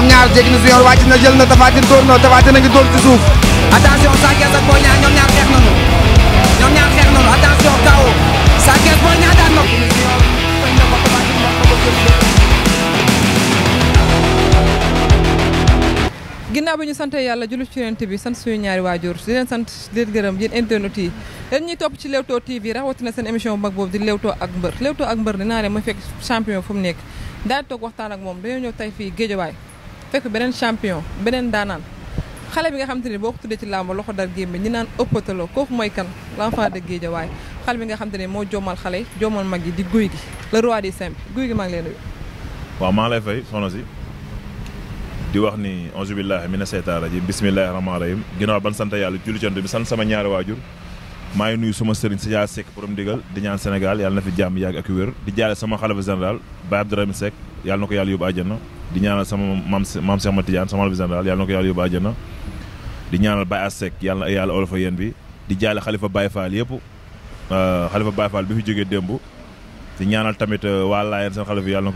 ñoom ñaar na si yoon wàcc na jël na Tapha Tine ginnaaw bi ñu sant yàlla julli ci yonent bi sant suñu ñaari waajur di leen sant di leen gërëm yéen internet yi leen ñuy topp ci Leewtoo TV rawatina seen émission bu mag boobu di Leewtoo ak mbër Leewtoo ak mbër dinaa ne ma fekk champion fu mu nekk daal toog waxtaan ak moom dañoo ñëw tey fii Géejawaay fekk beneen champion beneen daanaan xale bi nga xamante ni boo ko tuddee ci làmb loxo dar gémbe ñi naan ëppataloo kooku mooy kan l'enfant de Guédiawaye xale bi nga xam ne moo jommal xale yi joomal mag yi di guy gi maa ngi lay nuyu waaw maa lay fay soxna si di wax ni auzu billahi mina seytaan rajim bismillahi rahmaani rahim ginnaaw ban sant yàlla julli cant bi sant sama ñaari waajur maa ngi nuyu suma sëriñ Sidia Seck borom ndigal di ñaan Sénégal yàlla na fi jàmm yà di jaale sama xalifa général Baye Abdourahmane Seck yàlla na ko yàlla yóbbu àjjana di ñaanal sama maam maam ma Mati Diagne sama albisan daal yàlla na ko yàlla yóbbu àjjana di ñaanal Baye Assec yàlla na yàlla olofa yéen bi di jaale xalifa Baye Fall yëpp euh, xalifa Baye Fall bi fi jógee démb di ñaanal tamit euh, waa Laayeen seen xalifa yàlla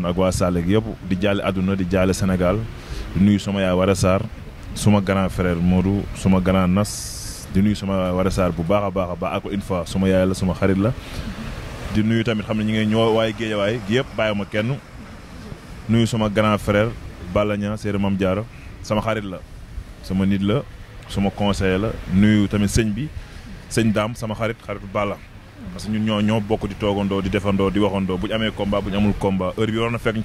na ko ak waa Saalek yëpp di jaale àdduna di jaale Sénégal di nuyu sama yaay Wara Sarr suma grand frère Modou suma grand nas di nuyu sama Wara Sarr bu baax a baax a baax ak une fois suma yaay la suma xarit la di nuyu tamit xam ne ñi ngay ñoo waay géejawaay gi yëpp bàyyi ma kenn nuyu sama grand frère Balla Niang Seydou Mame Diarra sama xarit la sama nit la sama conseiller la nuyu tamit sëñ bi sëñ daam sama xarit xaritu Balla parce que ñun ñoo bokk di toogandoo di defandoo di waxandoo bu ñu amee combat bu ñu amul combat heure bi waroon na fekk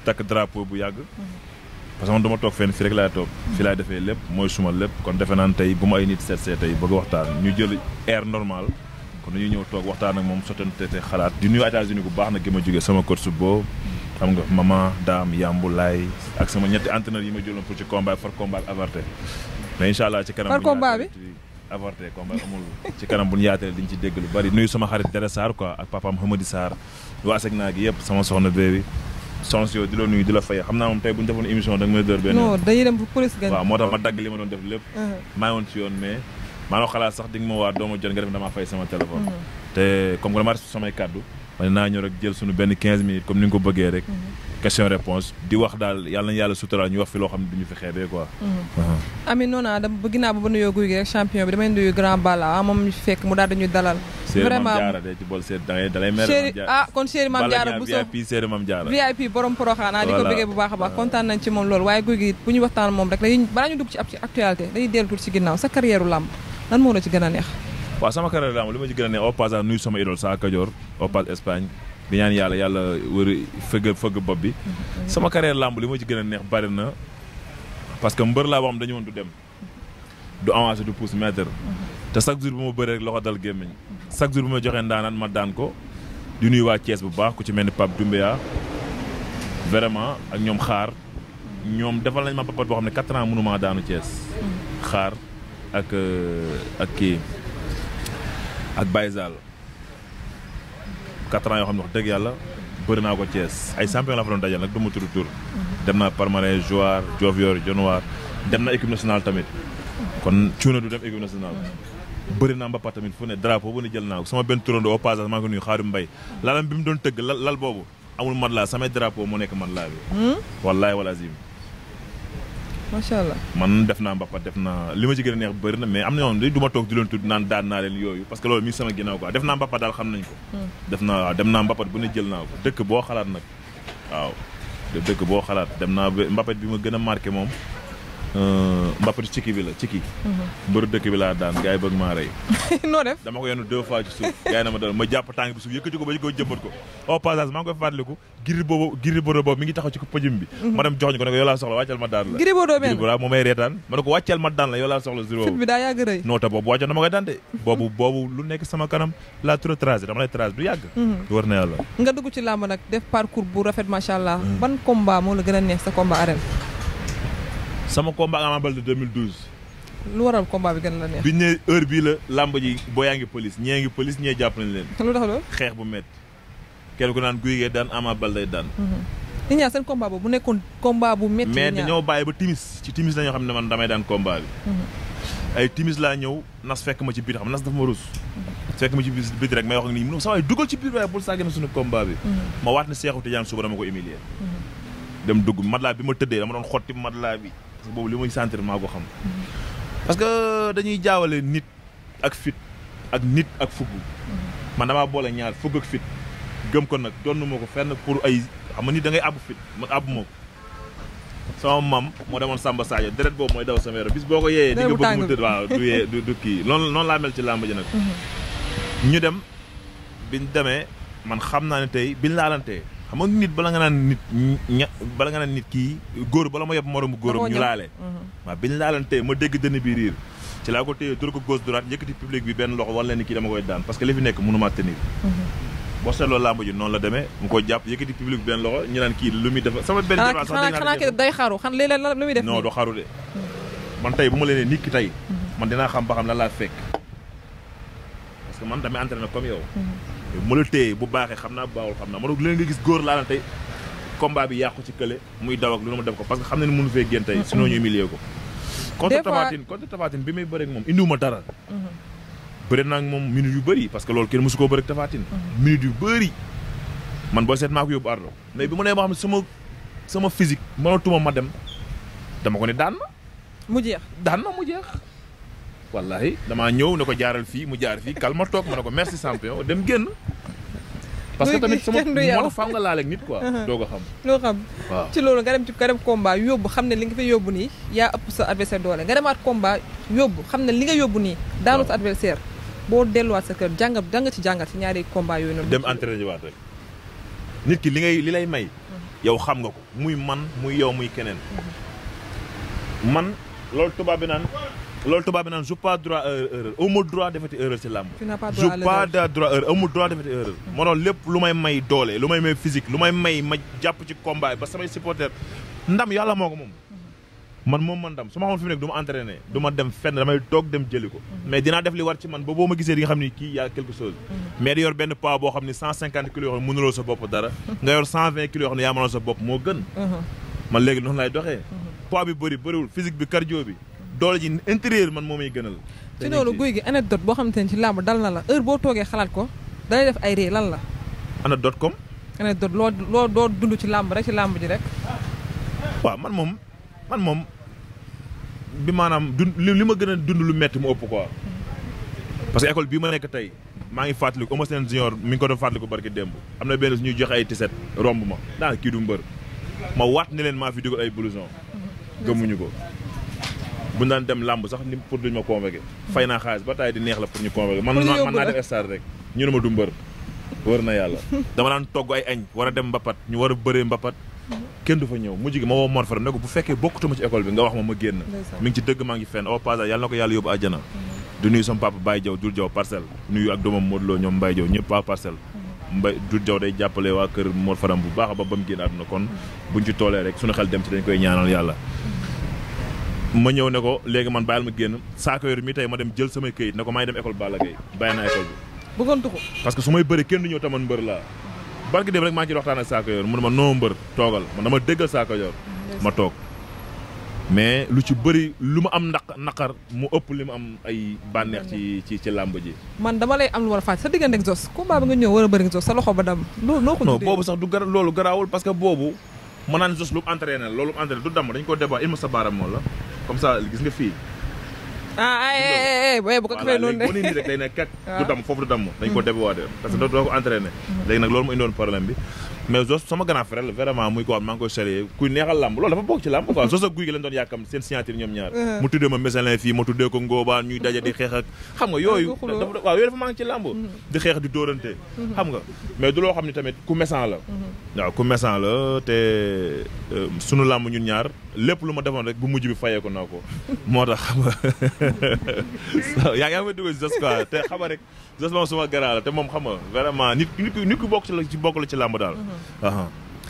bu yàgg parce que man dama toog fenn rek laay toog fii laay defee lép mooy suma lépp kon defe naan tey bu ma ay nit seet see tey bëgg waxtaan ñu jël air normal kon dañuy ñëw toog waxtaan ak moom sottante te xalaat di nuyu États-Unis bu baax na ma jógee sama coach boo xam nga maman daam yambulaay ak sama ñetti entraîneur yi ma jëloon pour ci combat far combat ak avorté mais incha allah ci kanam far combat bi avorté combat amul ci kanam bu ñu yaatale di ñu ci dégg lu bari nuyu sama xarit Dere Sarr quoi ak papaam Hamadi Sarr waa Aseg naa gi yëpp sama soxna bee bi sons yooyu di la nuyu di la fay xam naa moom tey bu ñu defoon émission da nga may dër benn non dañuy dem bu police gan moo tax ma dagg li ma doon def lépp uh-huh. maa ngi woon yoon mais maa xalaat sax di nga ma waa dooma jot nga def damaa fay sama téléphone uh-huh. te comme samay kàddu man naa ñëw rek jël suñu benn 15 minutes comme ni nga ko bëggee rek. Mhm. question réponse di wax daal yàlla na yàlla suturaal ñu wax fi loo xam ne du ñu fi xeebee quoi. Mhm. Mhm. Ami noona dama bëgg naa ba ba nuyoo guy gi rek champion bi damay nuyu grand bala ah, moom fekk mu daal dañuy dalal. vraiment Seydou Mame Diarra ah kon Seydou Mame Diarra bu soo VIP borom Porokhane ah, di ko bëggee bu baax a baax kontaan nañ ci moom loolu waaye guy gi bu ñu waxtaan moom rek dañuy balaa ñu waaw sama carrière laa li ma ci gën a ne au passage nuyu sama idole saa Kajoor au passage Espagne di ñaan yàlla yàlla wër fëgg fëgg bopp bi sama carrière làmb li ma ci gën a neex bari na parce que mbër laa boo xam dañu woon du dem du avancé du pousse mètre te chaque jour bu ma bëree rek loxo dal gémmiñ chaque jour bu ma joxee ndaanaan ma daan ko di nuyu waa Thiès bu baax ku ci mel ni Pape Doumbia vraiment ak ñoom xaar ñoom defal nañ ma papat boo xam ne quatre ans mënumaa daanu Thiès xaar euh, kii ak Baye Zall quatre ans yoo xam ne wax dëgg yàlla bëri naa ko Thiès ay champion la fa doon dajal nag du ma tudd tur dem naa Palmarin Joal Diofior Dionewar dem na équipe nationale tamit kon cuuna du dem équipe nationale bëri Mbappa tamit fu ne drapeau bu ne jël naa ko sama benn turando au passage maa ngi ko nuyu Xaadim Mbay lalam bi mu doon tëgg lal lal boobu amul laa samay drapeau mu nekk matelas bi hmm? wallahi wal azim macha allah man def naa mbappat def naa li ma ci gën a neex bëri na mais am na yoon du ma toog di leen tudd naan daan naa leen yooyu parce que loolu mi sama ginnaaw quoi def naa mbappat daal xam nañ ko hmm. def naa waaw dem naa mbappat bu ne jël naa ko dëkk boo xalaat nag waaw dëkk boo xalaat dem naa mbappat bi ma gën a marqué moom Euh, mbappatu ci kii bi la ci kii. Mhm. mbëru dëkk bi laa daan gars yi bëgg maa rey. noo def dama ko yenn deux fois ci suuf gars yi na ma doon ma jàpp tàng bi suuf yëkkati ko ba ñu koy jëmbat ko au maa ngi koy daan de boobu boobu lu nekk sama kanam laa tura tracé dama lay tracé du yàgg mhm. war na yàlla nga dugg ci làmb nag def parcours bu rafet macha allah mhm. ban combat moo la gën a neex sa combat arène sama combat ak Ama Baldé 2012. lu waral combat bi gën ne heure bii la làmb ji booy yaa ngi police ñee ngi police ñee jàpp nañ leen. lu tax xeex bu métti. kenn ku daan Ama Baldé daan. Mhm. nit ñaa seen combat boobu bu nekkoon combat bu métti. mais dañoo bàyyi ba timis ci timis la xam ne man damay daan combat bi. Mhm. ay timis laa ñëw nas fekk ma ci biir xam nas dafa ma rus. fekk ma ci biir rek may wax ak nit ñi mu ne saa waay dugal ci biir waaye bul sàggee na suñu combat bi. Mhm. ma waat ne Seexu Tijaan suba dama ko humilier. bi ma tëddee dama doon xotti matelas bi. boobu li muy sentir maa ko xam. Mm-hmm. parce que dañuy jaawale nit ak fit ak nit ak fugg. Mm-hmm. man damaa boole ñaar fugg ak fit gëm ko nag donn moo ko fenn pour ay xam nga nit da ngay àbb fit man àbb moo ko sama mam moo demoon Samba Sadio deret boobu mooy daw sama yaram bis boo ko yeeyee. di nga bëgg mu tëdd waaw du yee du kii noonu noonu laa mel ci làmb nag. Mm-hmm. ñu dem biñ demee man xam naa ne tey biñ laalantee. xam nga nit bala nga naan nit ña bala nga naan nit kii góor bala ma yóbbu moromu góoram ñu laale mhm. waaw bi ñu laalantee ma dégg dënn bi riir ci laa ko téye dur ko gauche droite yëkkati public bi benn loxo wala leen kii dama koy daan parce que li fi nekk mënuma tenir mhm. boo seetloo làmb ji noonu la demee mu ko jàpp yëkkati public bi benn loxo ñu naan kii lu muy def sama benn xanaa kii day xaru xan léeg-léeg la lu muy def non du xaru de mhm. man tey bu ma leen nit ki tey man dinaa xam ba xam lan laa fekk parce que man damay entraîné comme yow ma la téye bu baaxee xam naa baaxul xam naa ma ne léegi nga gis góor laa na tey combat bi yàqu ci kële muy daw ak lu ma def ko parce que xam ne ni mënu fee génn tey mm-hmm. sinon ñu humilier ko contre Tafatine contre Tafatine bi may bëre ak moom indiwuma dara mm-hmm. bëri naa moom minute yu bëri parce que loolu kenn mosu ko bëri ak Tafatine mm-hmm. minute yu bëri man booy seet maa ko yóbbu ardo mais bi mu nee ma xam ne sama sama physique mënatuma ma dem dama ko ne daan na mu jeex daan wallahi damaa ñëw ne ko jaaral fii mu jaar fii kalma toog ma ne ko merci champion dem génn parce que tamit sama moo faaw nga uh-huh. ko xam loo xam waaw ci nga dem ci nga dem combat yóbbu xam ne nii yaa ëpp sa adversaire doole nga demaat combat yóbbu xam ne li nga yóbbu nii daanu sa adversaire boo delluwaat sa kër jàngat da nga ci jàngat si ñaari combat yooyu noonu dem entraîné waat rek nit ki li ngay li lay may uh-huh. yow xam nga ko muy man muy yow muy keneen uh-huh. man loolu tubaab bi naan loolu tubaab bi naan joue pas droit erreur amul droit defati erreur ci làmb joue droit erreur amul droit defati erreur moo tax lépp lu may may doole lu may may physique lu may may ma jàpp ci combat ba samay supporter ndam yàlla moo ko moom man moom man ndam su ma xamoon fi mu nekk du ma du ma dem fenn damay toog dem jëli ko mhm. mais dinaa def li war ci man ba boo ma gisee di nga xam ni kii y'a quelque chose mhm. mais di yor benn poids boo xam ne cent cinquante kilos yoo xam ne sa bopp dara bopp moo gën mhm. man léegi noonu laay doxee poids bi bëri bëriwul physique bi cardio bi doole ji intérieur man moo may gënal. ci loolu guy gi anecdote boo xamante ne ci làmb dal na la heure boo toogee xalaat ko dalay def ay ree lan la. anecdote comme. anecdote loo loo doo dund ci làmb rek ci làmb ji rek. waaw man moom man moom bi maanaam dund li ma gën a dund lu metti mu ëpp quoi. parce que école bii ma nekk tey maa ngi fàttaliku Eumeu Sène junior mi ngi ko doon fàttaliku barki démb am na benn ñuy joxee ay tiset romb ma daanaka kii du mbër ma waat ne leen maa fi dugal ay blouson mhm. gëmuñu ko. bu daan dem làmb sax ni pour duñ ma convoqué fay naa xaalis ba taay di neex la pour ñu convoqué man man naa def star rek ñu ne ma du wër na yàlla dama daan togg ay añ war a dem mbapat ñu war a bëree mbapat kenn du fa ñëw mujj gi ma woo Mor Faram ne bu fekkee bokkutuma ci école bi nga wax ma ma génn mi ngi ci dëgg maa ngi fenn au oh, passage yàlla na ko yàlla yóbbu àjjana mhm. du nuyu sama papa Baye Diaw Dul Diaw parcelle nuyu ak doomam Modou Lo ñoom Baye ñëpp waa parcelle mhm. mbay Dul jàppale waa kër Mor Faram bu baax ba ba mu génn àdduna kon mhm. buñ ci rek suñu xel dem ci dañ koy ñaanal yàlla ma ñëw ne ko léegi man bàyyil ma génn saako yor mi tey ma dem jël samay këyit ne ko may dem école Balla Gaye bàyyi naa école bi. bëggoon tuxu parce que su may bëri kenn du ñëw taman mbër laa barki dem rek maa ngi ci waxtaan ak saako yor mu ne ma noo mbër toogal man dama déggal saako yor ma toog mais lu ci bëri lu ma am ndax naqar mu ëpp li mu am ay bànneex ci ci ci làmb ji. man dama lay am lu war a fàcc sa diggante ak Zos combat bi nga ñëw war a bëri ak Zos sa loxo ba dam loolu noo ko. non boobu gar loolu garaawul parce que boobu ma naan Zos lu loolu mu entraîné du dam dañu ko débat ma sa baaram moom la. comme ça gis nga fii. ah ay ay bu ko defee noonu de. voilà ne kat. du dam foofu du dam dañ ko mm. déboîter. parce que doo ko entraîner. Mm. léegi nag loolu mu indoon problème bi. mais Zoss sama grand frère vraiment muy ko am maa ngi koy saluer kuy neexal làmb loolu dafa bokk ci làmb quoi mm-hmm. Zoss ak Gouye Gui lañ mm-hmm. ko ngóobaan ñuy daje di xeex ak xam nga yooyu ah, waaw yooyu dafa maa ngi ci mm-hmm. nga mais du loo xam ne tamit ku mesan la waaw ku mesan la te euh, sunu làmb ñun ñaar lépp lu ma defoon rek bu mujj bi fayee ko moo tax xam nga yaa ngi ama dugg Zoss quoi te xam nga rek Zoss moom xam nga vraiment nit nit ku bokk la ci bokk la ci làmb daal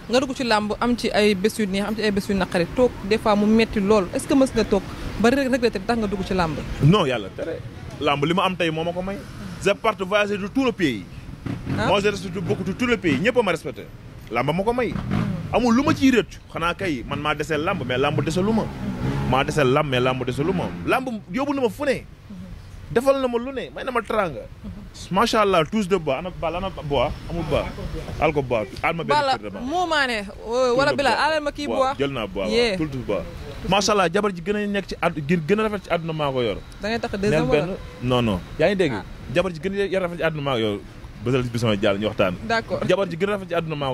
nga dugg ci làmb am ci ay bés yu neex am ci ay bés yu naqari toog des fois mu metti lool est-ce que mës nga toog ba regretté tax nga dugg ci làmb non yàlla tere làmb li ma am tey moo ma ko may je parte voyager de tout le pays ah. moi je respecte beaucoup de tout le pays ñëpp a ma respecté làmb ma ko may amul lu ma ciy rëccu xanaa kay man maa desee làmb mais làmb dese lu ma maa desee làmb mais làmb dese lu ma làmb yóbbu na ma fu ne defal na ma lu ne may na ma teraanga. macha allah tous de ba ana bal ana bois amul bois. alko bois alma benn kër muumaane wala bila alal ma kii bois jël naa bois waaw tout de bois. allah jabar ji gën a nekk ci àdd gën a ci àdduna maa ko yor. da ngay tax deux ans wala yaa ngi dégg ah. jabar ji gën a rafet ci àdduna maa ko yor. bësal bi sama jàll ñu waxtaan. ji gën a rafet ci àdduna maa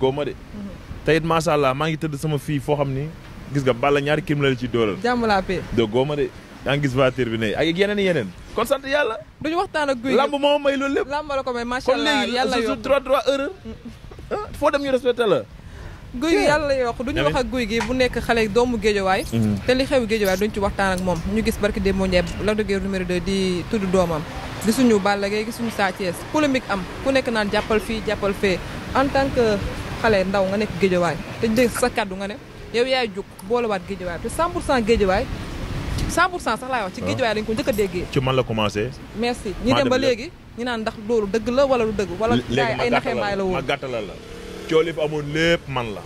ko ma de. Mm-hmm. te it allah maa ngi tëdd sama fii foo xam ni gis nga balla ñaari kilim la ci dóoral. jàmm laa pee yaa ngi bi ne ak yeneen yeneen. kon sant yàlla. duñu waxtaan ak guy lamb moo may loolu lépp. lamb la ko may macha allah yàlla yokk kon léegi droit droit erreur. Ah, foo dem ñu respecté la. guy gi yàlla yokk duñu wax ak guy gi bu nekk xale doomu géejawaay. Mhm. te li xew géejawaay duñ ci waxtaan ak moom ñu gis barki démb Ndiaye Lac de Guiers numéro 2 di tudd doomam. gisuñu Balla Gaye gisuñu saa Thiès polémique am ku nekk naan jàppal fii jàppal fee en tant que xale ndaw nga nekk géejawaay te dégg sa kàddu nga ne yow yaay jug boolewaat géejawaay te 100 pour cent géejawaay 100 pour cent sax laay wax ci ah. géejuwaay lañ ko njëkk a déggee ci man la commencé merci ñu dem ba léegi ñu naan ndax loolu dëgg la wala lu dëgg wala léegi ay la woon ma gàttalal la coow li fi amoon lépp man la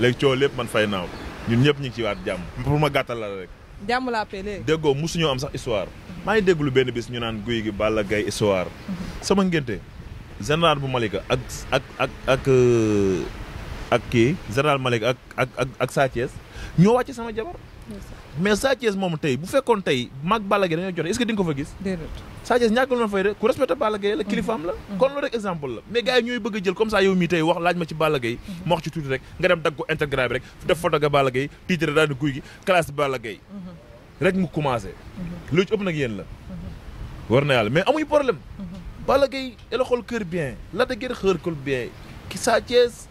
léegi coow lépp man fay naaw ñun ñëpp ñu ngi ci waat jàmm pour ma gàttalal rek jàmm laa pee léegi déggoo mosuñoo am sax histoire maa ngi déglu benn bis ñu naan guy gi Balla Gaye histoire sama ngénte général bu Malika ak ak ak ak ak kii général Malika ak ak ak ak Sa Thiès ñoo wàcc sama jabar mais Sa moom tey bu fekkoon tey mag Balla Gaye dañoo jot est-ce ko fa gis. déedéet Sa Thiès ñàkkul ma fay rek ku respecté Balla Gaye la mm-hmm. kilifaam la. Mm-hmm. kon loolu rek exemple la mais gars yi ñooy bëgg a jël comme ça yow mii tey wax laaj ma ci Balla Gaye mm-hmm. ma wax ci tuuti rek nga dem dagg ko Instagram bi rek def photo ga Balla Gaye titre daal di guy gi classe Balla Gaye rek mu commencé. lu ëpp nag yéen la. war na yàlla mais amuñu problème. Balla Gaye bien la da ngeen xër Sa Thiès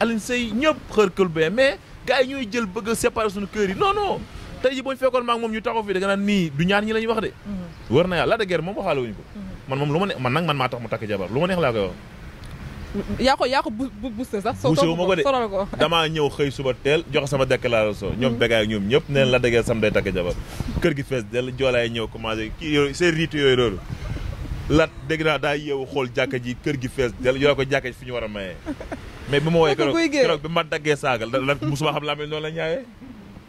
Alioune Seye ñëpp mais gars yi ñooy jël bëgg a séparer kër yi non non te ji boo ñu fekkoon maag moom ñu taxaw fii da nga naan nii du ñaar ñi la ñuy wax de mhm. wër na yàlla Lac de Guiers moom waxaale wuñu ko mhm. man moom lu ma ne man nag man mu takk jabar ma neex laa koy wax yaa ko yaa ko boosté sax boosté ma ko de damaa ñëw mhm. ñoom bégaay ñëpp neen la dëggee sam day takk jabar kër gi fees del joolaay ñëw commencé kii yooyu seen riitu yooyu xool jàkka ji kër gi fees del yoroo ko jàkka ji fi ñu war a mayee mais bi ma wooyee keroog bi ma daggee saagal lat musuma xam laa mel noonu la ñaawee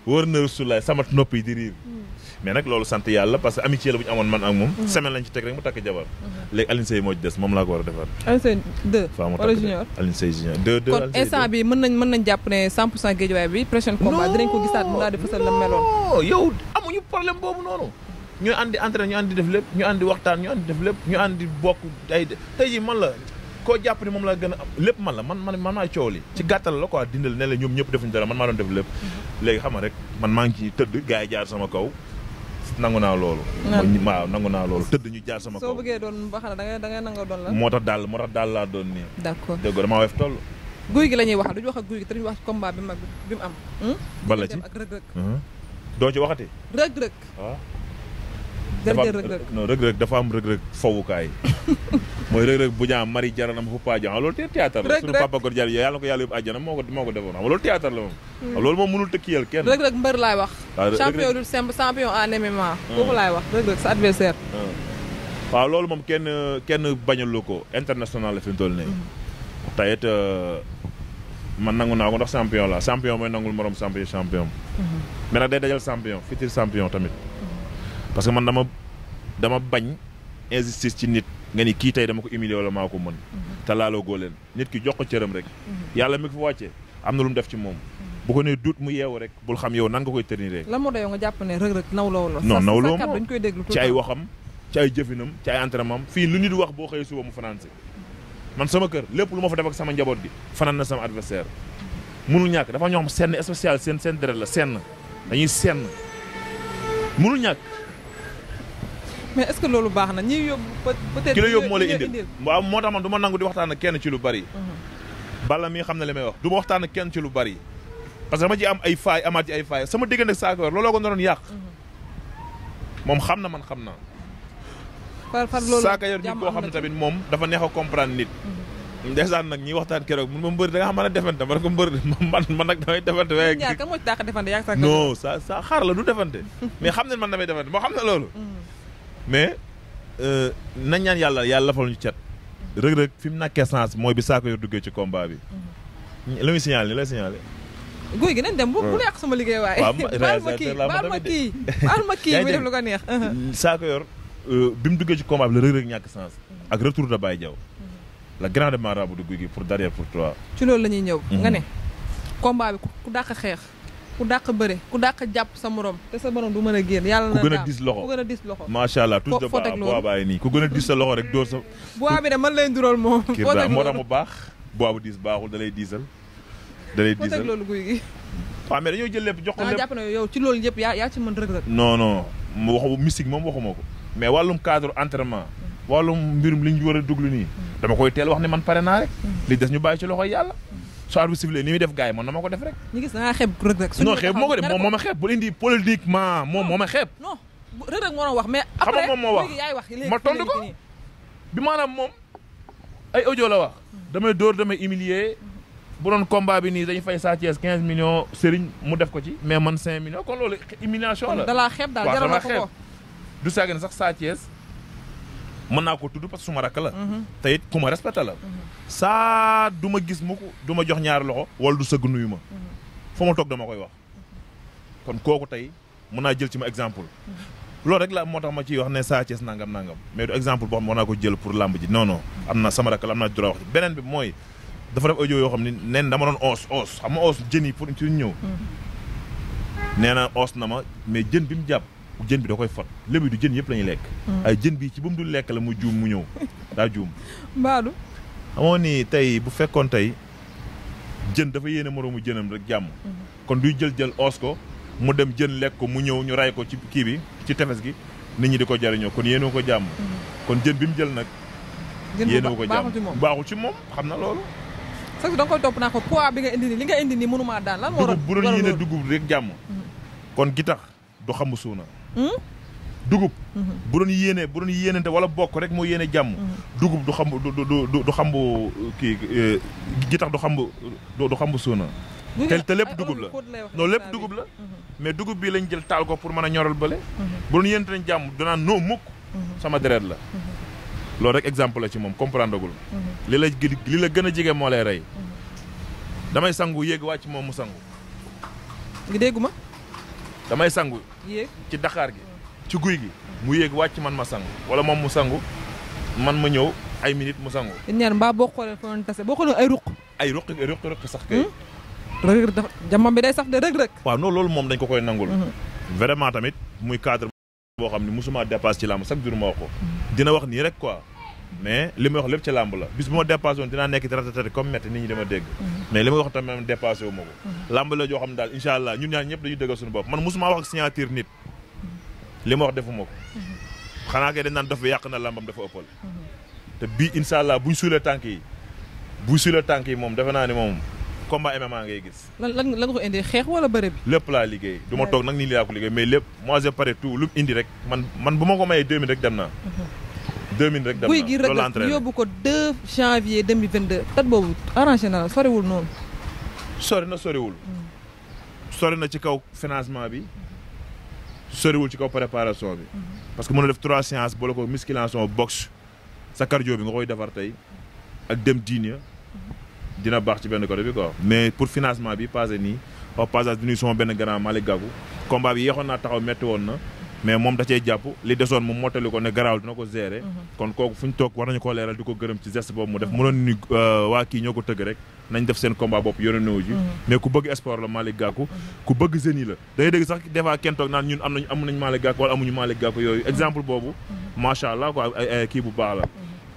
wër na Rasulullah sama nopp yi di riir hmm. mais nag loolu sant yàlla parce que amitié la bu ñu amoon man ak moom. Hmm. semaine lañ ci teg rek mu takk jabar. Hmm. léegi Alioune moo des moom laa ko war a defar. Alioune Seye faa mu takk de Alioune Seye junior 2 2 kon instant bi mën nañ mën nañ jàpp ne 100% Guédiawaye bi prochain combat dinañ ko gisaat mu daal di fësal la meloon. non yow amuñu problème boobu noonu. ñu andi entraîné ñu andi def lépp ñu andi waxtaan ñu andi def lépp ñu andi bokk ay tey jii man la koo jàpp ni moom laa gën a am lépp ma la man man man maa coow li ci gàttal la quoi dindal ne la ñoom ñëpp defuñu dara man maa doon def lépp mhm. léegi xam nga rek man maa ngi ci tëdd gars yi jaar sama kaw nangu naa loolu waaw nangu naa loolu tëdd ñu jaar sama kaw soo bëggee doon ba xam ne da ngay nanga doon la moo tax daal moo tax daal laa doon nii d'accord dégg damaa weef toll guy gi la ñuy wax duñu wax ak guy gi te duñu wax combat bi mag bi mu am hmm? bala ci ak rëg-rëg hmm? doo ci waxati rëg-rëg waaw non rëg dafa am rëg-rëg mooy rëg-rëg bu ñaam mari jaranam xuppa jaam loolu te théâtre la suñu papa ko yàlla moo loolu théâtre la moom hmm. loolu moom rëg-rëg mbër wax champion du simple champion en MMA kooku laay wax rëg-rëg sa adversaire hmm. waaw loolu moom kenn kenn bañalu ko international la fi mu hmm. euh, man nangu naa ko ndax champion la champion mooy nangul morom champion champion mais nag day dajal champion futur champion tamit parce que man dama bañ injustice ci nit nga ni kii tey dama ko humilier wala maa ko mën mhm. te laaloo goo leen ki jox ko cëram rek mhm. yàlla mi ko fa wàccee am na lu mu def ci moom mhm. bu ko nee duut mu yeewu rek bul xam yow nan nga koy tërniree lan moo doyoo nga jàpp ne rëg-rëg nawloo la non nawloo ma dañ koy déglu ci ay waxam ci ay jëfinam ci ay entraînement fii lu nit wax boo xëyee suba mu financé man sama kër lépp lu ma fa def ak sama njaboot bi fanaan na sama adversaire munul ñàkk dafa ñoo xam senn spécial seen seen deret la senn dañuy senn munul ñàkk mais est ce que loolu baax na ñiy yóbbu peut être. ki yóbbu moo lay indil waaw moo tax man du ma nangu di waxtaan kenn ci lu bari. Mhm. bala mi xam na li may wax du waxtaan ak kenn ci lu bari. parce que dama am ay faay amaat ci ay faay sama diggante saako yor looloo ko doon yàq. Mhm. moom xam na man xam naa. par par tamit moom dafa neex a comprendre nit. Mhm. ndeysaan nag ñi waxtaan keroog mun a defante ma damay defante waaye. ñaar kan moo la du defante. mais xam nañ man damay defante moo xam na loolu. mais euh, nañ ñaan yàlla yàlla lafal ñu cat. Reug Reug fi mu nàkkee sens mooy bi saako yor duggee ci combat bi. Mhm. la muy signalé la lay signalé. guy gi nañ dem bu bu sama liggéey waaye. baal ma kii baal ma kii muy def lu ko neex. saako yor euh, bi mu duggee ci combat bi la Reug Reug ñàkk sens. Mhm. ak retour de Baye Diaw. Mhm. la grande marabout de guy gi pour derrière pour toi. ci loolu la ñuy ñëw. nga ne combat bi ku dàq xeex. ku dàq bëre ku dàq jàpp sa morom te sa morom du mën a génn yàlla na ku gën a dis loxo ku gën a dis loxo macha allah tous de bois bàyyi nii ku gën a dis sa loxo rek dóor sa bois bi de man lay dural moom moo tax mu baax bois bu dis baaxul da lay diisal da lay diisal loolu guy gi waaw mais dañoo jël lépp jox ko ah, lépp jàpp na yow ci loolu yëpp yaa yaa ci mën rëg-rëg non non waxu mystique moom waxuma ko mais wàllum cadre entraînement wàllum mbirum li ñu war a duglu nii dama koy teel wax ne man pare naa rek mm. li des ñu bàyyi ci loxo yàlla su arbitre sifflé ni muy def gars yi man na ma ko def rek. ñu gis naa xeeb rëg rëg. suñu xeeb moo ko def moom moo ma xeeb bu indi politiquement moom moo ma xeeb. non rëg rëg moo doon wax mais. après léegi yaay wax ma tontu ko bi maanaam moom ay audio wax. damay dóor damay humilier bu doon combat bi nii dañu fay Sa Thiès 15 millions Serigne mu def ko ci mais man 5 millions kon loolu humiliation la. kon da daal jaral na ko ko du saagin sax Sa Thiès mën naa ko tudd parce que suma rakk la mhm. te it ku ma respecté la saa mhm. du ma gis mukk du ma jox ñaari loxo wala du sëgg nuyu ma mhm. fu ma toog dama koy wax kon kooku tey mën naa jël ci ma exemple loolu rek la moo tax ma ciy wax ne Sa Thiès nangam nangam mais du exemple boo xam ne war naa ko jël pour làmb ji non am na sama rakk la am naa droit wax beneen bi mooy dafa def audio yoo xam ne neen dama doon oos oos xam nga oos jën yi pour ñu ñëw nee na oos na ma mais jën bi mu jàpp jën bi doo koy fot lébu du jën yëpp lañuy lekk hmm. ay jën bi ci ba mu dul lekk la mu juum mu ñëw daa juum mbaadu xamoo tey bu fekkoon tey jën dafa yéene moroomu jënam rek jàmm hmm. kon duy jël jël oos mu dem jën lekk ko mu ñëw ñu ray ko ci kii bi ci tefes gi nit ñi di ko jariñoo kon ko jàmm hmm. kon jën bi mu jël nag yéenoo ko jàmm baaxul ci moom xam na loolu sax da nga koy topp naa ko poids bi nga indi nii li nga indi nii mënumaa daan lan moo dugub bu doon yéene dugub rek jàmm kon gi tax du xamu dugub. Mhm. bu doon yéene bu doon yéenante wala bokk rek moo yéene jàmm. Mhm. dugub du xam du du du xambu kii eh, gi tax du xambu du xambu suuna. te te lépp dugub la non lépp dugub la. Mhm. mais dugub bi lañ jël taal ko pour mën a ñoral bële. bu doon yéenante nañ jàmm danaan noo mukk. sama deret la. loolu rek exemple la ci moom comprendre gul. la li la gën a jege moo lay rey. damay sangu yéeg wàcc moom mu sangu. ma. damay sangu. ci Dakar gi. ci guy gi mu yéeg wàcc man ma sangu wala moom mu sangu man ma ñëw ay minutes mu sangu. ñaar mbaa boo xoolee fa doon tase boo xoolee ay ruq. ay ruq ay ruq ruq sax kay. Hmm? rëg rëg dafa day sax de rek rëg. waaw non loolu moom dañ ko koy nangul. Hmm. vraiment tamit muy cadre boo xam ne mosuma dépasse ci làmb sax jour wax ko. Hmm. dina wax nii rek quoi. mais li may wax lépp ci làmb la bis bu ma dépassé woon dinaa nekk di ratatati comme métti nit ñi dama dégg mhm. mais li tamit même ma ko mhm. làmb la daal incha ñun ñaar ñëpp dañu dëggal suñu bopp man mosuma wax ak signature nit mhm. li ma defuma ko xanaa kay dañ naan dof bi yàq na làmbam dafa ëppal te bii incha allah buñ suulee tànk yi bu suulee tànk yi moom defe naa ni moom combat MMA ngay gis. lan lan la ko indee xeex wala bëre bi. lépp laa liggéey du ma toog nag nii laa ko liggéey mais lépp moi j'ai pare tout man man bu ma ko mayee deux minutes rek dem naa. 2000 rek dem na guy gi rek yóbbu ko 2 janvier 2022. date boobu arrangé na la soriwul noonu. sori na soriwul. Hmm. sori na ci kaw financement bi soriwul ci kaw préparation bi. Hmm. parce que mën na def trois séances boole ko musculation boxe sa cardio bi nga koy defar tey ak dem diine hmm. dina baax ci benn côté bi quoi. mais pour financement bi passé nii au passage du nuyu sama benn grand Malick Gakou combat bi yéexoon naa taxaw métti woon na. mais moom da cee jàpp li desoon moo mottali ko ne garaaw dina ko gérer. Mhm. kon kooku fu ñu toog war nañu koo leeral di ko gërëm ci geste boobu mu def mënoon ni euh, waa kii ñoo ko tëgg rek nañ def seen combat bopp mhm. mhm. sax des fois kenn toog am nañ am nañ Malick Gakou wala amuñu Malick yooyu exemple boobu macha allah kii bu baax la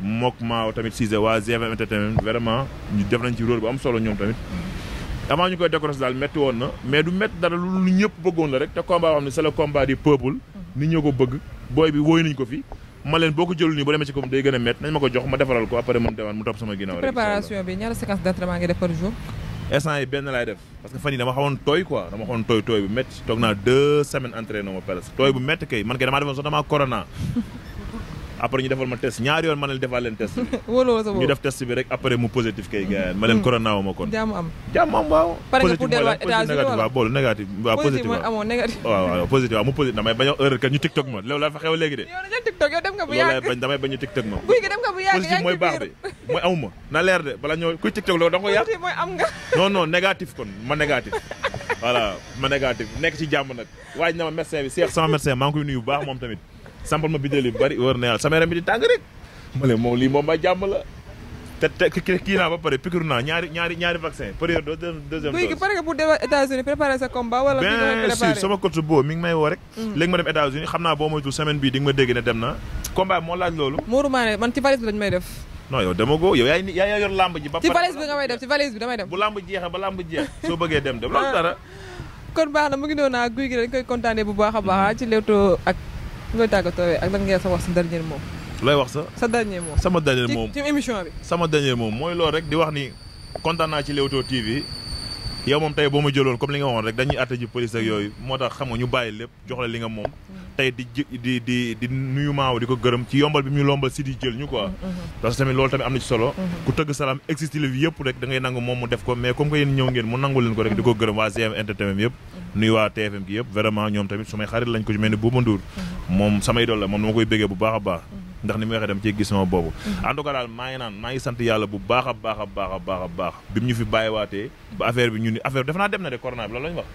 mook maa tamit Cissé waa GFM entertainment vraiment ñu def nañ ci am solo ñoom tamit avant ñu koy décroché daal métti woon na mais du métti dara lu ñëpp bëggoon la rek te combat boo xam ne c'est le nit ñoo ko bëgg booy bi wooy nañ ko fi ma leen boo ko jëlul nii boo demee ci koom day gën a métti nañ ma ko jox ma defaral ko après man demaan mu topp sama ginnaaw rek préparation bi ñaari séquence d'entraînement def par jour instant yi benn laay def parce que fan yi dama xawoon tooy quoi dama xawoon tooy tooy bu métti toog naa deux semaines entraîné ma presque tooy bu métti kay man kay damaa defoon sax damaa corona après ñu defal ma test ñaari yoon ma leen defal leen test wóoloo sa boobu ñu def test bi rek après mu positif kay gars ma leen hmm. corona kon jàmm am am waaw positif waaw boolu négatif waaw a ma loolu na leer bala ñoo kuy tiktok loolu da nga ko yàq mooy am nga non non négatif kon ma négatif voilà ma négatif nekk ci jàmm nag waaj na ma médecin bi seex sama médecin maa nuyu baax moom tamit sampal ma bidéel yu bari wër na yàlla sama yaram bi ba pare sa combat boo mi ngi may woo rek. Mm. léegi ma dem États-Unis xam naa boo moytul semaine bii di ma dégg ne dem na combat moo laaj loolu. Mourou Mané man ci valise bi lañ may def. non yow dama go yow yaay yaa yor ji. ba pare ba soo bëggee dem dem loolu dara. kon baax na mu ngi doon ah, guy gi dañ koy kontaanee bu baax a baax ah, ci Leewtoo ak su koy tàggatoo ak lan sa wax sa dernier mot. looy wax sa. sa dernier moom sama dernier moom ci émission bi. sama dernier moom mooy lool rek di wax ni kontaan naa ci Leewtoo TV. yow moom tey boo ma jëloon comme li nga waxoon rek dañuy àtte ji police ak mm. yooyu moo tax xam ñu bàyyi lépp jox la li nga moom mm. tey di di di nuyu maaw di ko gërëm ci yombal bi mu lombal si di jël ñu quoi mm, parce que tamit loolu tamit am na ci solo mm-hmm. ku tëgg salaam existe li yëpp rek da nangu moom mu def ko mais comme que yéen ñëw ngeen mu nangu leen ko rek di ko mm-hmm. gërëm waa GM entertainment yëpp mm-hmm. nuyu waa TFM gi yëpp vraiment ñoom tamit su may xarit ko ci mel ni ndax ni muy waxee dem ci gis sama boobu mhm. en tout daal maa ngi naan maa ngi sant yàlla bu baax a baax a baax a baax a baax bi mu ñu fi bàyyiwaatee ba affaire bi ñu ni affaire bi defe naa dem na de corona bi loolu la ñu wax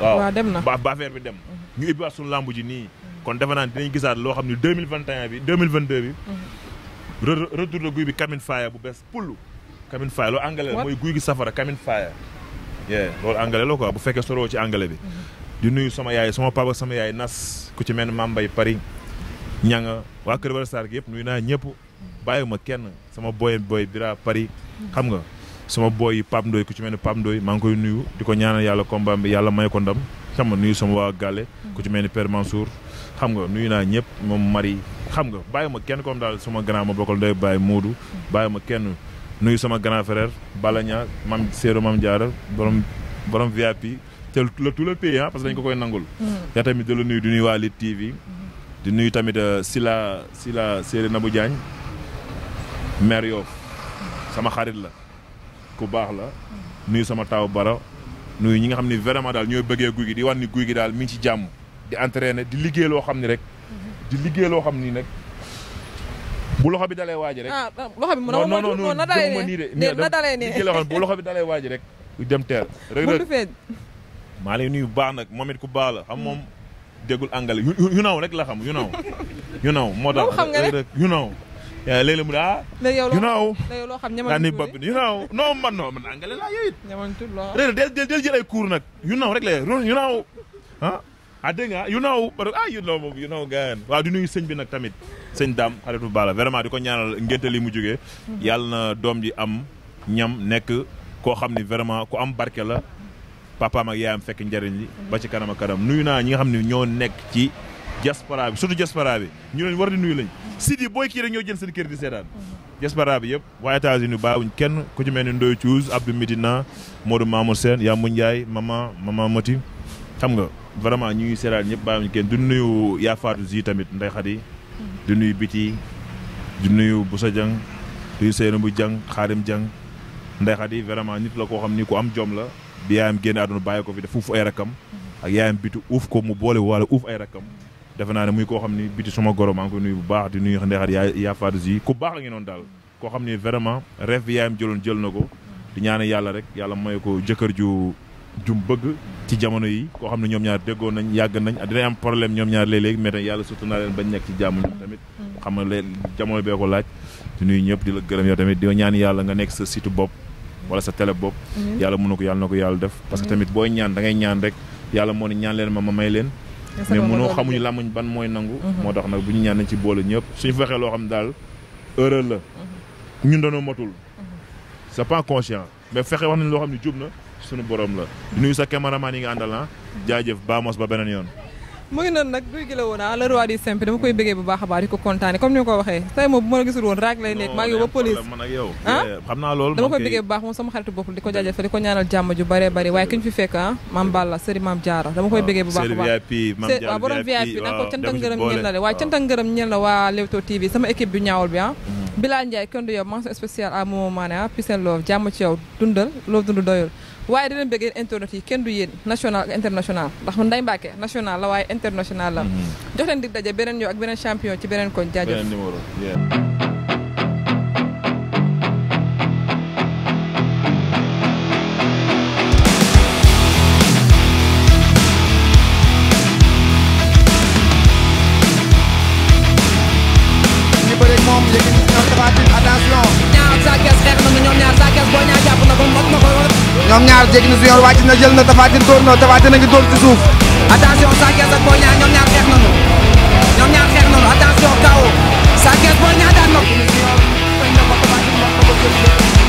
waaw dem na ba affaire bi dem mhm. ñu ubbiwaat suñu làmb ji nii mhm. kon defe naa nañ gisaat loo xam ne 2021 bi 2022 bi retour de guy bi Kamine Faye bu bees pull Kamine Faye loolu anglais mooy guy gi safara Kamine Faye yeah loolu anglais la quoi bu fekkee soroo ci anglais bi di nuyu sama yaay sama papa sama yaay nas ku ci mel ni Mambay Paris ñanga waa Kër Barsar gi yëpp nuyu naa ñëpp bàyyiwuma kenn sama booy booy bira Paris xam nga sama booy Pape Ndoye ku ci mel ne Pape Ndoye maa ngi koy nuyu di ko ñaana yàlla kom bi yàlla may ko ndam xam nuyu sama waa Gàlle ku ci mel ni Père Mansour xam nga nuyu naa ñëpp moom Marie xam nga ma kenn comme daal sama grand ma bokkal ndoy bàyyi Moodu ma kenn nuyu sama grand frère Balaña mam Seydou mam Diarra borom borom VIP te le tout le pays ah parce que dañ ko koy nangul mm. di nuyu tamit Sila Sila Séré Nabou Diagne maire Yoff sama xarit la ku baax la nuyu sama taw bara nuyu ñi nga xam ne vraiment daal ñooy bëggee guy gi di wan ni guy gi daal mi ngi ci jàmm di entraîné di liggéey loo xam ni rek di liggéey loo xam nii nag bu loxo bi dalee waaji rek. ah loxo bi non non non loo xam bi dalee waaji rek. dem teel rek rek baax nag moom it ku baax la xam moom. déggul anglais you know rek la xam moo tax you know nag you know rek la you know ah ah dégg nga ah you know moom you know gaan bi nag tamit sëñ daam xaritu bala vraiment di ko ñaanal ngénte li mu jóge mhm. yàlla na doom ji am ñam nekk ko xam ni vraiment ku am barke la papaam ak yaayam fekk njëriñ li ba ci kanam kanam nuyu naa ñi nga xam ne ñoo nekk ci diaspora bi surtout diaspora bi ñu leen war di nuyu lañ sit yi booy kii rek ñoo jël seen kër di seetaan mhm. diaspora bi yëpp waa États-Unis bàyyiwuñ kenn ku ci mel ni Ndoye Thiouz Abdou Medina Modou Mamour Sène Yambou Ndiaye Mama Mama Mati xam nga vraiment ñu ngi seetaan ñëpp bàyyiwuñ kenn du nuyu Yaa jii tamit Ndeye Khady mhm. du nuyu Biti du nuyu Boussa Dieng du nuyu bu Dieng Xaarim Dieng Ndeye Khady vraiment nit la koo xam ni ku am jom la bi yaayam génn àdduna bàyyi ko fi def uuf ay rakkam ak yaayam biti uuf ko mu boole wala uuf ay rakkam defe naa ne muy koo xam ni biti suma goro maa ngi koy bu baax di nuyu ndeexaat yaa yaa Fatou ku baax la ngi noonu daal koo xam ni vraiment rêve bi yaayam jëloon jël na ko di ñaan yàlla rek yàlla may ko jëkkër ju jum bëgg ci jamono yi koo xam ne ñoom ñaar déggoon nañ yàgg nañ dina am problème ñoom ñaar léeg-léeg yàlla surtout naa leen bañ nekk ci jàmm ñoom tamit mm. xam nga jamono bee ko laaj di ñëpp di la gërëm yoo tamit di ñaan nga nekk sa site bopp wala sa tele bopp mhm. yàlla mënu ko yàlla na ko yàlla def parce que mhm. tamit booy ñaan dangay ñaan rek yàlla moo ne ñaan leen ma ma may leen mais mënoo xamuñu làmmuñ ban mooy nangu mhm. moo tax nag bu ñu ñaan nañ ci boole ñëpp suñu fexee loo xam daal erreur la ñun dañoo matul c'est pas conscient mais fexe wax nañ loo xam ne jub na suñu borom la di nuyu sa caméraman yi nga àndal ah. jaajëf baamos ba beneen yoon mu ngi noonu nag guy gi woon ah le roi du simple dama koy bëggee bu baax a baax di ko kontaane comme ni nga ko waxee tey moom bu ma la gisul woon raag lay nekk maa ngi yow ba ah? eh, koy bëggee bu baax moom sama xaritu bopp di ko a la ah, ah, waaye cant ak ngërëm ñeel na waa Leewtoo TV sama équipe bu ñaawul mm. ci yow dundal loo dund doyul waaye dinañ bëgg yéen internet yi kenn du yéen national ak international ndax day Mbacke national la waaye international la mhm. jox leen dig daje beneen yow ak beneen champion ci beneen koñ jaajëf ñaar saa kees xeex ñoom ñaar saa kees ñaar jàpp na ba mot ñoom ñaar jéggi na junior wàcc na jël na tafaatin dóor na tafaatin a ngi dóor ci suuf attention Sa Thiès ak Boy Niang ñoom ñaar xeex nañu ñoom ñaar xeex nañu attention kaw Sa Thiès Boy Niang daan na